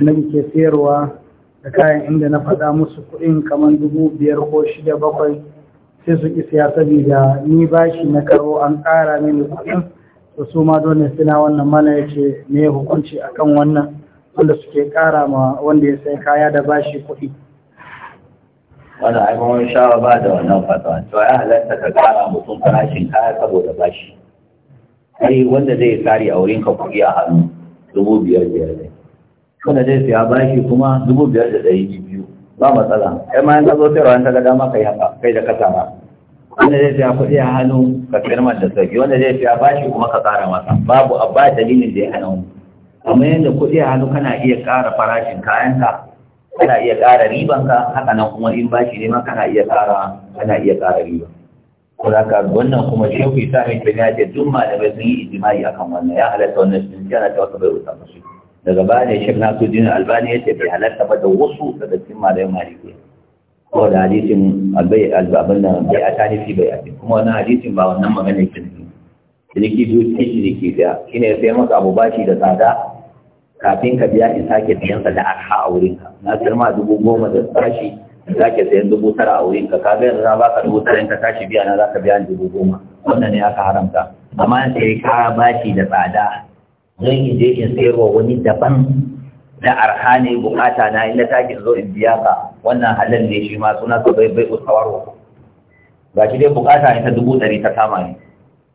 annabi ke sayarwa da kayan inda na faɗa musu kuɗin kamar dubu biyar ko shida bakwai sai su ki siya saboda ni bashi na karo an ƙara mini kuɗin to su ma dole suna wannan mana ya ce me hukunci akan wannan wanda suke ƙara ma wanda ya sai kaya da bashi kuɗi. Wannan ai shawa ba da wannan fatawa to ya halatta ka ƙara mutum farashin kaya saboda bashi. Ai wanda zai kare a wurinka kuɗi a hannu dubu biyar biyar ne. wanda zai siya bashi kuma dubu biyar da ɗari biyu ba matsala kai ma yanka zo sayarwa ta ga dama kai haka kai da ba wanda zai siya kuɗi a hannu ka firmar da sauki wanda zai siya bashi kuma ka ƙara masa babu a ba dalilin da ya hana mu amma yadda kuɗi a hannu kana iya ƙara farashin kayanka kana iya ƙara ribanka haka nan kuma in bashi ne ma kana iya ƙara kana iya ƙara riba ko ka wannan kuma shehu isa mai tafiya ce duk malamai sun yi ijimai akan wannan ya halatta wannan sun ce ta wasu bai wuta musu daga baya shek nasuddin albani ya ce bai halatta ba da wasu daga cikin malayan maliki ko da hadisin albai albabin nan bai a tani fi bai a kuma wannan hadisin ba wannan magana yake ne ciniki biyu ce ciniki da shine sai maka abu bashi da tsada kafin ka biya in sake sa da arha a wurin ka. na san ma dubu goma da tashi in sake sayan dubu tara a wurin ka ga yanzu na baka dubu tara in ka tashi biya na za ka biya dubu goma wannan ne aka haramta amma sai ka bashi da tsada don in je in sayarwa wani daban na arha ne bukata na inda takin zo in biya ka wannan halal ne shi ma suna su bai bai usawar ba shi dai bukata ne ta dubu dari ta kama ne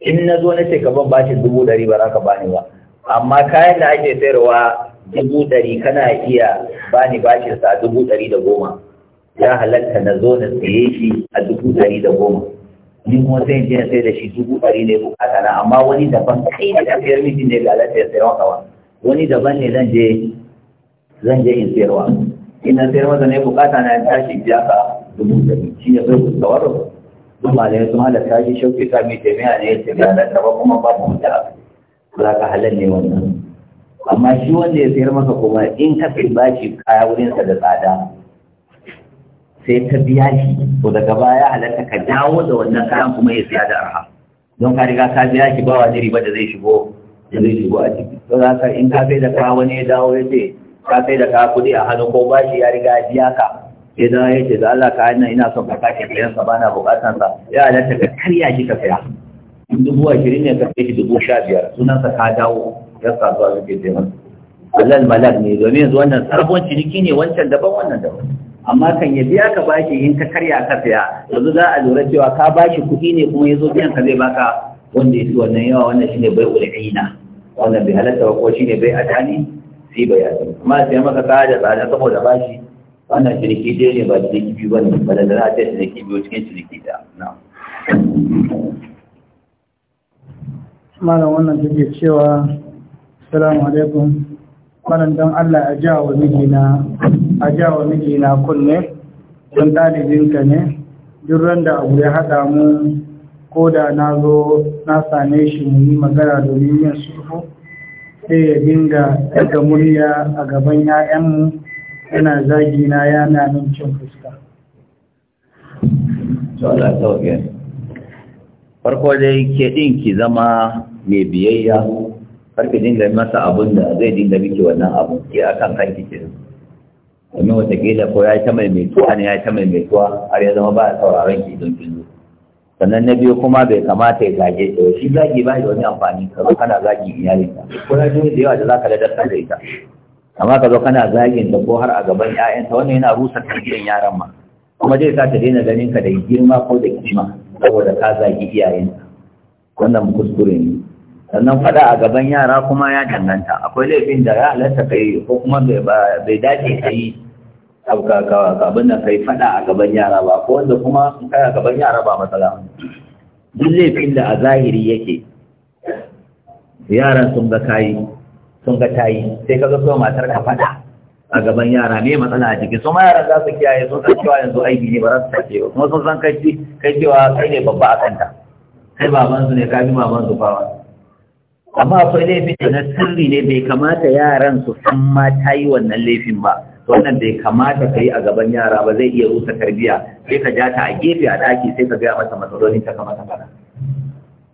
in na zo na ce ka ban bashi dubu dari ba za ka bani ba amma kayan da ake sayarwa dubu dari kana iya bani bashin sa dubu dari da goma ya halatta na zo na saye shi a dubu dari da goma ni kuma sai je sai da shi dubu ɗari ne ko na amma wani daban kai da tafiyar mijin ne ga alaƙa ya sayarwa kawa wani daban ne zan je zan je in sayarwa ina sayar masa ne bukata na tashi biya ka dubu ɗari shi ne sai kuskawar duk malamai sun halatta tashi shauki kami taimiya ne ya ce ga ba kuma babu mutum za ka halar ne wannan amma shi wanda ya sayar maka kuma in ka fi bashi kaya wurinsa da tsada sai ta biya shi to daga baya halatta ka dawo da wannan kayan kuma ya siya da arha don ka riga ka biya shi ba wa wani riba da zai shigo da zai shigo a ciki to za ka in ka sai da ka wani ya dawo ya ce ka sai da ka kuɗi a hannu ko bashi ya riga ya biya ka ya dawo ya ce da Allah ka hannun ina son ka sake sayan sa bana buƙatan sa ya halatta ka karya shi ka saya dubu ashirin ne ka sai shi dubu sha biyar sunan sa ka dawo ya sa zuwa suke taimaka Allah malak ne domin yanzu wannan sarfon ciniki ne wancan daban wannan daban amma kan ya biya ka bashi in ka karya ka saya yanzu za a lura cewa ka bashi kuɗi ne kuma yazo biyan ka zai baka wanda ya wannan yawa wannan shine bai aina wannan bai halatta ba ko shine bai adani sai bayani amma sai maka ka da tsada saboda bashi wannan ciniki dai ne ba ciniki biyu ba ba da za a ce ciniki biyu cikin ciniki da na malam wannan take cewa assalamu alaikum kwanan don Allah a a jawo mijina kunne don ɗalibinka ne duk randa abu ya haɗa mu ko da na zo na same shi mu yi magana domin yin sulhu sai ya dinga daga murya a gaban 'ya'yanmu yana zagi na yana min cin fuska farko dai ke ɗin ki zama mai biyayya karki dinga masa abun da zai dinga miki wannan abun ke akan kanki kenan domin watakila ko ya ta mai tuwa ne ya ta mai tuwa har ya zama ba a sauraron ki don kin sannan na biyu kuma bai kamata ya zage ta shi zagi ba da wani amfani ka zo kana zagin iyalinka ko na biyu da yawa da za ka ladabtar da ita amma ka zo kana zagin ta ko har a gaban 'ya'yanta wannan yana rusa gidan yaran ma kuma zai sa ta daina ganin ka da girma ko da kima saboda ka zagi iyayenka wannan kuskure ne sannan faɗa a gaban yara kuma ya danganta akwai laifin da ya halatta ka yi ko kuma bai dace ka yi abin da ka yi faɗa a gaban yara ba ko wanda kuma kai a gaban yara ba matsala duk laifin da a zahiri yake yaran sun ga kayi sun ga tayi sai ka ga so matar ka faɗa a gaban yara ne matsala a jiki su ma yaran za su kiyaye sun san cewa yanzu aiki ne ba za su sake ba kuma sun san kai cewa kai ne babba a kanta kai babansu ne ka bi babansu fawa amma akwai laifin da na sirri ne bai kamata yaran su san ma ta yi wannan laifin ba wannan bai kamata ka yi a gaban yara ba zai iya rusa tarbiya sai ka ja ta a gefe a ɗaki sai ka gaya mata matsalolin ta kamata kana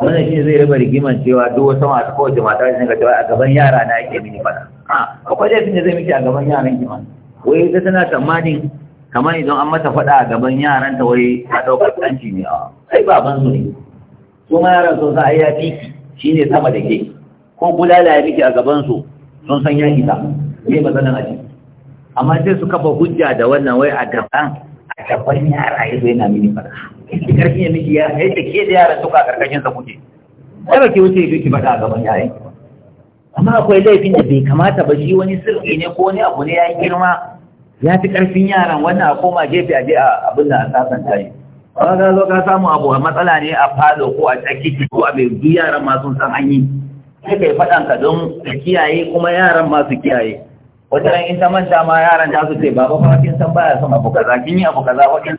wannan shi zai raba rigiman cewa duk wata mata kawai da mata ne ka cewa a gaban yara na yake mini fada a akwai laifin da zai miki a gaban yaran ki ma wai ita tana tsammanin kamar idan an mata fada a gaban yaran ta wai ta ɗaukar ɗanci ne a ai baban su ne kuma yaran sun a yi ya fiki Shi ne sama da ke ko bulala ya miki a gabansu sun san ya isa ne matsalan a ciki amma sai su kafa hujja da wannan wai a gaban a tabbar yara ya zo yana mini fara ki karfi ya miki ya yadda ke da yara suka karkashin sa kuke kada ki wuce ki ba a gaban yayin amma akwai laifin da bai kamata ba shi wani sirri ne ko wani abu ne ya yi girma ya fi karfin yaran wannan a koma gefe a je a abin da a sasanta ne ba ka zo ka samu abu a matsala ne a falo ko a tsaki ko a bai yaran masu san hanyi. yi sai kai faɗan ka don ka kiyaye kuma yaran masu kiyaye wata ran in ta manta ma yaran ta su ce ba fa kin san baya son abu kaza kin yi abu kaza wakin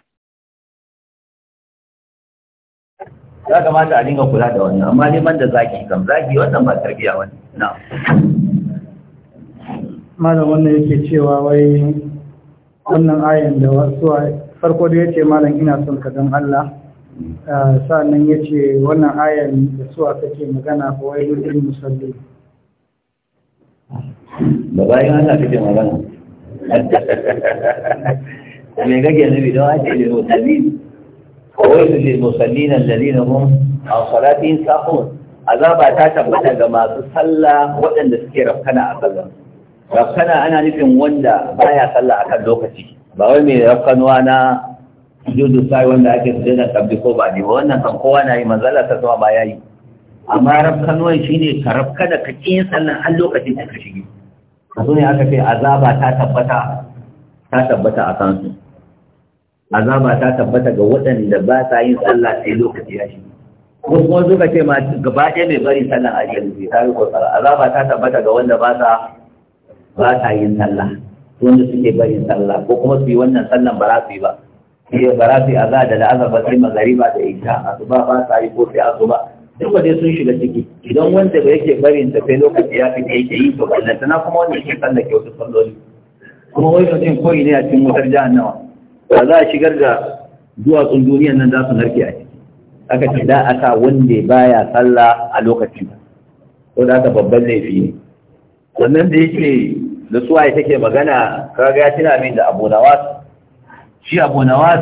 ya kamata a dinga kula da wannan amma neman da zaki kam zaki wannan ba tarbiya wani na malam wannan yake cewa wai wannan ayin da wasu farko da ya ce malam ina son ka don Allah mm. ah, sa'annan ya ce wannan ayan da su aka magana ko wai lullun musalli ba bayan Allah kake magana me kake nufi don ake lil ce. kawai lil musallin alladhina mu. A salatihim sahun azaba ta tabbata ga masu sallah waɗanda suke rafkana a sallah rafkana ana nufin wanda baya sallah akan lokaci ba wai mai rafkanuwa na judu sai wanda ake su daina kabbi ko ba ne ba wannan kan kowa na yi manzala ta zuwa ba ya yi amma rafkanuwan shi ne ka rafka da ka ƙin sannan har lokacin da ka shige zo ne aka ce azaba ta tabbata ta tabbata a kansu azaba ta tabbata ga waɗanda ba sa yin sallah sai lokaci ya shige ko kuma suka ce ma gaba ɗaya mai bari sannan a yanzu ta yi azaba ta tabbata ga wanda ba sa ba sa yin sallah wanda suke barin sallah ko kuma su yi wannan sallan ba za su yi ba sai ba za su yi azaba da la'azar ba sai magariba da isha asuba ba sa yi ko sai asuba duk dai sun shiga ciki idan wanda ba yake barin ta sai lokaci ya fita yake yi to ballanta na kuma wanda yake tsallake wasu salloli kuma wai mutum koyi ne a cikin wutar jahannawa ba za a shigar da duwatsun duniyan nan za su narke a ciki aka ce da aka wanda baya sallah a lokacin ko da aka babban laifi ne wannan da yake da suwaye take magana kaga ya tuna min da abu nawas shi abu nawas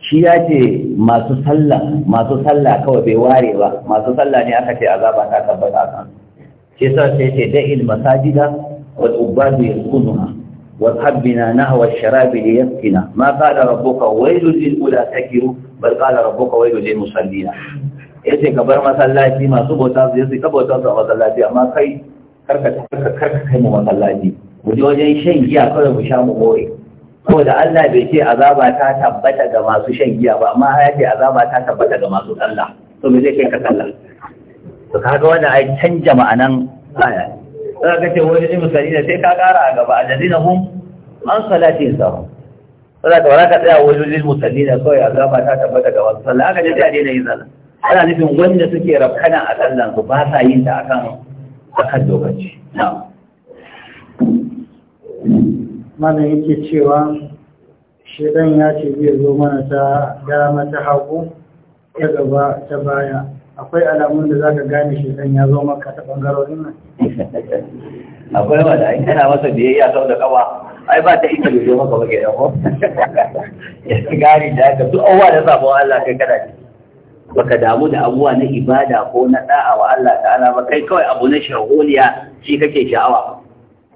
shi ya ce masu sallah masu sallah kawai bai ware ba masu sallah ne aka ce azaba ta tabbata kan shi sa sai ce il masajida wal ubadu li yaskina ma qala rabbuka waylu lil ula takiru bal qala rabbuka waylu lil musallina yace ka bar masallaci masu bauta su yace ka bauta su a masallaci amma kai karka kai mu masallaci mu je wajen shan giya kawai mu sha mu more ko da Allah bai ce azaba ta tabbata ga masu shan giya ba amma ya ce azaba ta tabbata ga masu sallah to me zai kai ka sallah to kaga wannan ai canja ma'anan aya za ka ce wani ne misali ne sai ka kara a gaba alladina hum an salati sahu sai ka waraka tsaya wani ne misali ne kawai azaba ta tabbata ga wasu sallah aka je ta daina yin sallah ana nufin wanda suke rafkana a sallan su ba sa yin ta akan a kan lokaci mana yake cewa shidan ya ce zai zo mana ta dama ta hagu ya gaba ta baya akwai alamun da za ka gane shidan ya zo maka ta ɓangarorin nan akwai wanda in kana masa biyayya sau da kawa ai ba ta ita da zo maka yawon. Ya ci gari da aka duk awa da sabon Allah kai kada ne baka damu da abuwa na ibada ko na da'a wa Allah ta'ala ba kai kawai abu na shagoliya shi kake sha'awa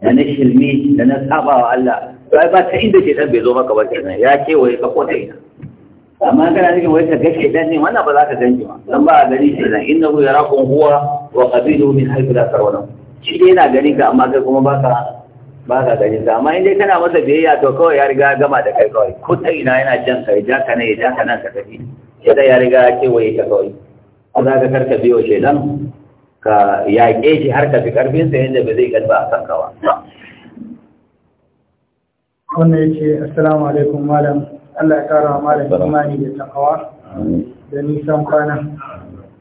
da na shilmi da na saba wa Allah sai ba ta inda ke dan bai zo maka ba kenan ya ce wai ka kota ina amma kana nake wai ka ga dan ne wannan ba za ka ganji ba dan ba a gani shi dan innahu yarakum huwa wa qabiluhu min haythu la tarawun shi dai yana gani ka amma kai kuma ba baka ba ka gani sa amma in dai kana masa biyayya to kawai ya riga gama da kai kawai ko ta ina yana jan ka ya ja ka ne ya ja ka nan ka tafi sai ya riga ya kewaye ka kawai ko za ka karka biyo shi nan, ka yaƙe shi har ka fi ƙarfinsa yadda ba zai ba a kan kawa. Wannan ya ce, Assalamu alaikum malam, Allah ya ƙara malam imani da takawa da nisan kwana.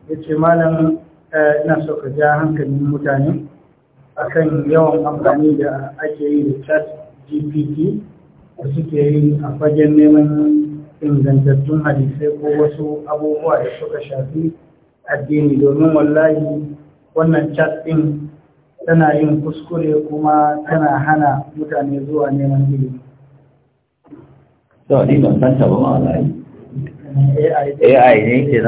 Ya ce, Malam, eh, ina so ka ja hankalin mutane akan yawan amfani da ake yi da chat gpt da suke yi a fagen neman ingantattun hadisai ko wasu abubuwa da suka shafi addini domin wallahi wannan chat ɗin tana yin kuskure kuma tana hana mutane zuwa neman ilimi. Sau ni ban ba ma wallahi. AI ne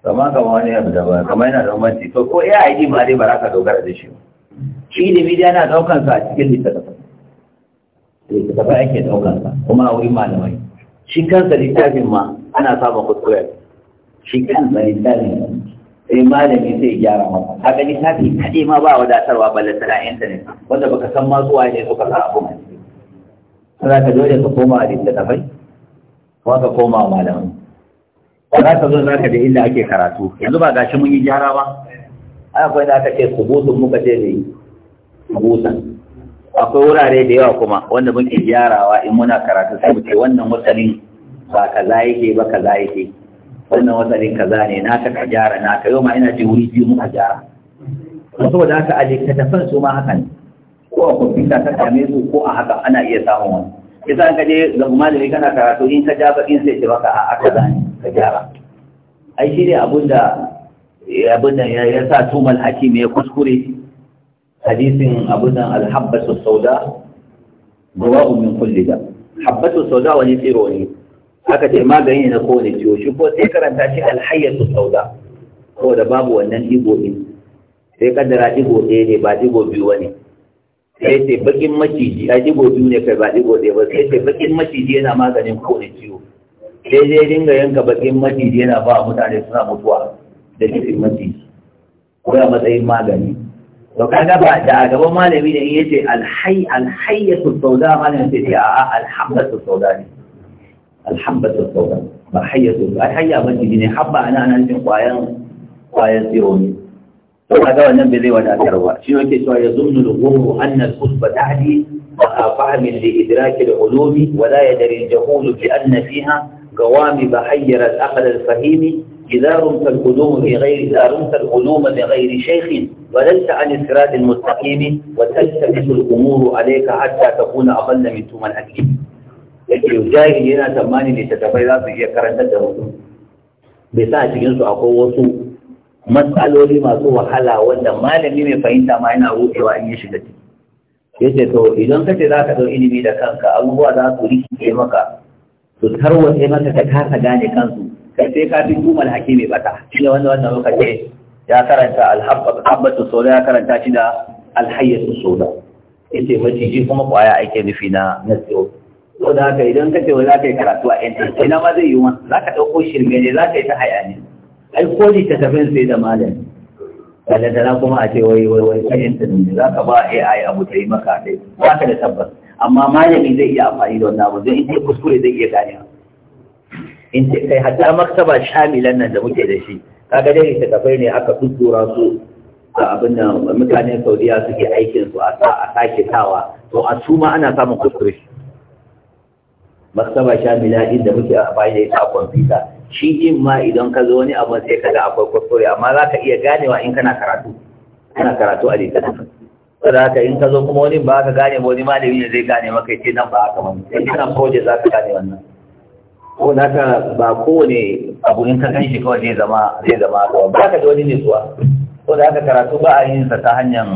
kama kama wani abu da ba kama yana da umarci to ko ya yi ma dai ba za ka dogara da shi ba shi ne mi yana daukan sa a cikin littattafai littattafai ake daukan sa kuma a wurin malamai shi kansa littafin ma ana samun kuskure shi kansa littafin sai malami sai gyara masa haka littafi kaɗai ma ba wadatarwa balle sana intanet wanda baka san ma zuwa ne suka sa abu mai sai ka dole ka koma a littattafai kuma ka koma malamai za ka zo za ka da inda ake karatu yanzu ba gashi mun yi gyara ba ai akwai da aka ce subutun muka ce ne subutan akwai wurare da yawa kuma wanda muke gyarawa in muna karatu sai mu ce wannan wasanin ba kaza yake ba kaza yake wannan wasanin kaza ne na ka gyara ka yau ma ina ce wuri biyu muka gyara saboda haka a littattafan su ma haka ne ko a kwamfuta ta same su ko a haka ana iya samun wani idan ka je ga malami kana karatu in ka jaba in sai ce baka a aka zane ka gyara ai shi ne abinda abinda ya sa tumal hakim ya kuskure hadisin abinda alhabbatu sauda gawa'u min kulli da habbatu sauda wani tsiro ne aka ce magani na kowane ciwo shi ko sai karanta shi alhayyatu sauda ko da babu wannan digo din sai kaddara digo ɗaya ne ba digo biyu wani sai ce bakin maciji a digo biyu ne kai ba digo ɗaya ba sai ce bakin maciji yana maganin kowane ciwo sai dai dinga yanka bakin maciji yana ba mutane suna mutuwa da jikin maciji ko a matsayin magani to kaga ba da a gaban malami ne yace alhay alhayatu sauda malamin sai ce a'a alhabbatu sauda ne alhabbatu sauda ba hayatu alhayya maciji ne habba ana nan jin kwayan kwayan tsiro ne to kaga wannan bai zai wadatar ba shi yake cewa ya zunnu al-ghurru anna al-qutba tahdi wa fahm li idrak al-ulum wa la yadri al-jahul bi anna fiha قوام بحير الأقل الفهيم إذا رمت القدوم بغير إذا رمت القدوم بغير شيخ ولست عن الصراط المستقيم وتلتبس الأمور عليك حتى تكون أقل من ثم الحكيم yake jahili yana tsammani ne tattafai za su iya karantar da mutum bai sa cikin su akwai wasu matsaloli masu wahala wanda malami mai fahimta ma yana ruɗewa in ya shiga ciki yace to idan kace za ka ɗau ilimi da kanka abubuwa za su rikice maka su tarwace maka ka kasa gane kansu kai sai ka fi tumal mai bata shi ne wanda wannan muka ce ya karanta alhabbatu soda ya karanta shi da alhayyatu soda yace maciji kuma kwaya ake nufi na na saboda haka idan kace wa za ka yi karatu a NTA ina ma zai yi wa za ka ɗauko shirme ne za ka yi ta hayaniya ai ko tafin sai da malami na kuma a ce wai wai wai kayan ta ne za ka ba AI abu ta yi maka dai ba ka da tabbas amma malami zai iya amfani da wannan abu don in ce kuskure zai iya gane in ce kai hatta maktaba shamilan nan da muke da shi kaga dai littattafai ne aka tuttura su a abin da mutanen saudiya suke aikin su a sake tawa to a su ma ana samun kuskure maktaba shamila inda muke a bayan da ita a kwamfuta shi din ma idan ka zo wani abu sai ka ga akwai kuskure amma za ka iya ganewa in kana karatu kana karatu a littattafin saboda haka in ka zo kuma wani ba ka gane wani malami ne zai gane maka ce nan ba haka wani in kana project za ka gane wannan ko na ka ba kowane abu in ka gan shi kawai zai zama zai zama haka ba ka da wani nutsuwa ko da haka karatu ba a yin sa ta hanyar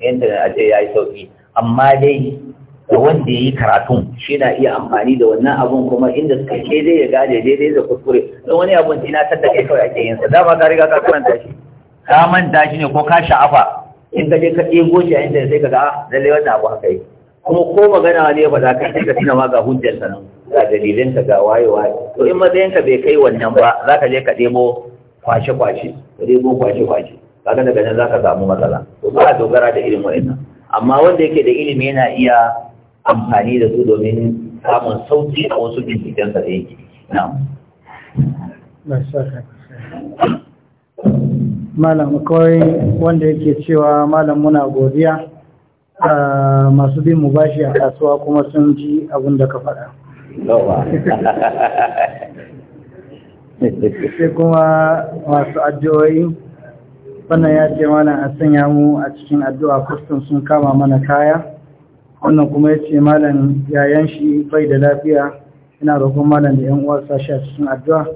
intanet a ce ya yi sauki amma dai da wanda ya yi karatun shi na iya amfani da wannan abun kuma inda suka ke zai ya gaje daidai da kuskure don wani abun na da kai kawai ake yinsa dama ka riga ka karanta shi ka manta shi ne ko ka sha'afa in ka je ka ɗego shi a inda sai ka ga ah, lallai wannan abu haka yi kuma ko magana wani ya faɗa kai sai ka tuna ma ga hujjar nan ga dalilin ka ga waye waye to in matsayin ka bai kai wannan ba za ka je ka ɗebo kwashe kwashe ka ɗebo kwashe kwashe kaga daga nan za ka samu matsala to ba dogara da irin wa'annan amma wanda yake da ilimi yana iya amfani da su domin samun sauki a wasu binciken da yake na malam akwai wanda yake cewa malam muna godiya masu bin mu bashi a kasuwa kuma sun ji abin da ka faɗa sai kuma masu addu'o'i wannan ya ce mana a sanya mu a cikin addu'a kustin sun kama mana kaya wannan kuma ya ce malam yayan shi bai da lafiya ina roƙon malam da yan uwarsa shi a cikin addu'a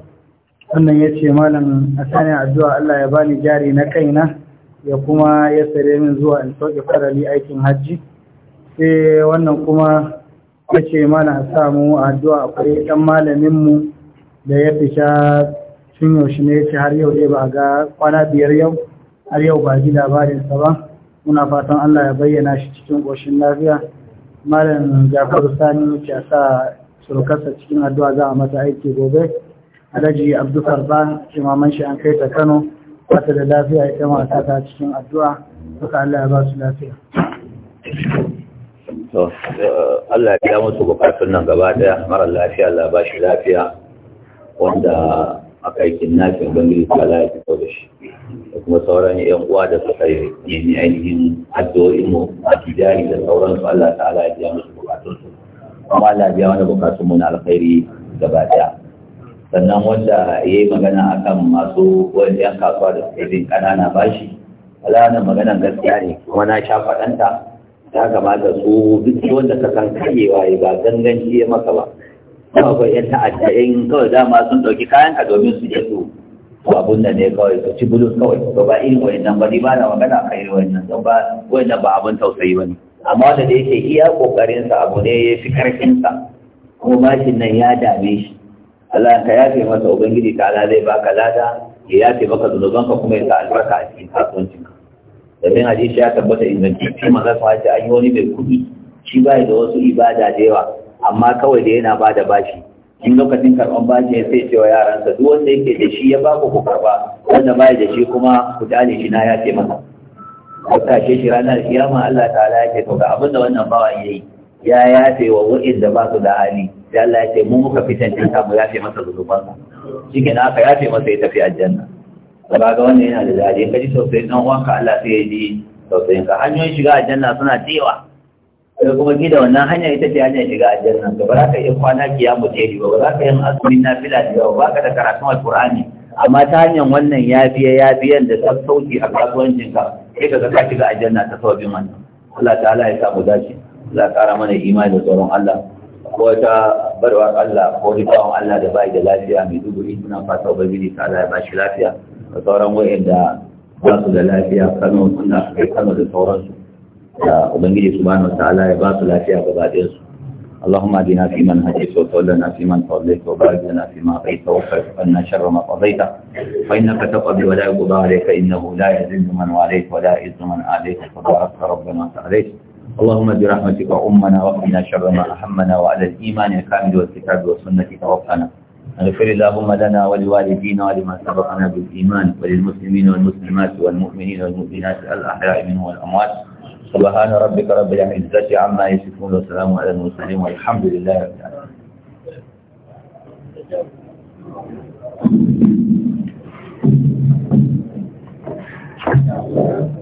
wannan ya ce malam a sani addu'a Allah ya bani jari na kaina ya kuma ya sare min zuwa in sauke farali aikin hajji sai wannan kuma ya ce malam a samu addu'a akwai ɗan mu da ya fita tun yaushe ne ya ce har yau dai ba ga kwana biyar yau har yau ba ji labarinsa ba muna fatan Allah ya bayyana shi cikin ƙoshin lafiya malam jakar sani ya sa surukarsa cikin addu'a za a mata aiki gobe alhaji abdu farba imaman shi an kai ta kano wata da lafiya ita mata ta cikin addu'a duka Allah ya ba su lafiya Allah ya musu bukatun nan gaba daya mara lafiya Allah ba shi lafiya wanda aka yi kinnafin bangare ta lafiya da shi kuma sauran yan uwa da suka yi nemi ainihin addu'o'in mu a tijari da sauran su Allah ta'ala ya musu bukatun su kuma Allah ya wani bukatun mu na alkhairi gaba daya sannan wanda ya yi magana akan masu wani yan kasuwa da suka yi ƙanana bashi wala maganan gaskiya ne kuma na sha faɗanta ya kamata su duk wanda ka san karyewa ya ga ganganci ya maka ba kuma yan ta'adda yan kawai dama sun ɗauki kayanka domin su je su ko abun da ne kawai ko ci bulus kawai to ba irin nan ba ni ba na magana kai wani nan ba nan ba abun tausayi ba ne amma da da yake iya kokarinsa abu ne ya fi karfinsa kuma bashin nan ya dame shi Allah ka yafe masa ubangiji ta ala zai baka lada ya yafe maka zunubanka kuma ya sa albarka a cikin kasuwancinka domin hadisi ya tabbata inganci shi maza su haji an yi wani mai kuɗi shi ba da wasu ibada da yawa amma kawai da yana bada da bashi in lokacin karɓan bashi ya sai cewa yaransa duk wanda yake da shi ya ba ku karba karɓa wanda ba da shi kuma ku dale shi na ya ce masa ko ce shi ranar kiyama Allah ta'ala ya to ga abinda wannan bawa yayi ya yafe wa da ba su da hali sai Allah ya ce mu muka fitan ta mu yafe masa zunubansa shi ke aka yafe masa ya tafi aljanna ba ga wannan yana da dadi kaji sosai dan uwanka Allah sai ya ji sosai ka hanyoyin shiga aljanna suna cewa. da kuma gida wannan hanya ita ce hanyar shiga aljanna nan, ba za ka iya kwana kiya teri ba ba za ka yi azumin nafila da yawa ba ka da karatun alkur'ani amma ta hanyar wannan ya ya yafiyan da sauki a kasuwancin ka sai ka ka shiga aljanna ta bin wannan Allah ta'ala ya samu dace Allah kara mana imani da tsoron Allah ko ta barwa Allah ko rikon Allah da bai da lafiya mai duburi muna fata ubangiji ta'ala ya shi lafiya da sauran wa'anda ba su da lafiya Kano suna kai Kano da sauransu da ubangiji subhanahu wataala ya ba su lafiya gaba ɗayan su اللهم اهدنا فيمن هديت وتولنا فيمن توليت وبارك لنا فيما اعطيت ووفقنا عنا شر ما قضيت فانك تقضي ولا يقضى عليك انه لا يذل من واليت ولا يعز من عليك فبارك ربنا وتعاليت اللهم برحمتك امنا واقنا شر ما اهمنا وعلى الايمان الكامل والكتاب والسنه توفنا اغفر اللهم لنا ولوالدينا ولمن سبقنا بالايمان وللمسلمين والمسلمات والمؤمنين والمؤمنات الاحياء منهم والاموات سبحان ربك رب العزة عما يصفون وسلام على المرسلين والحمد لله رب العالمين Thank you.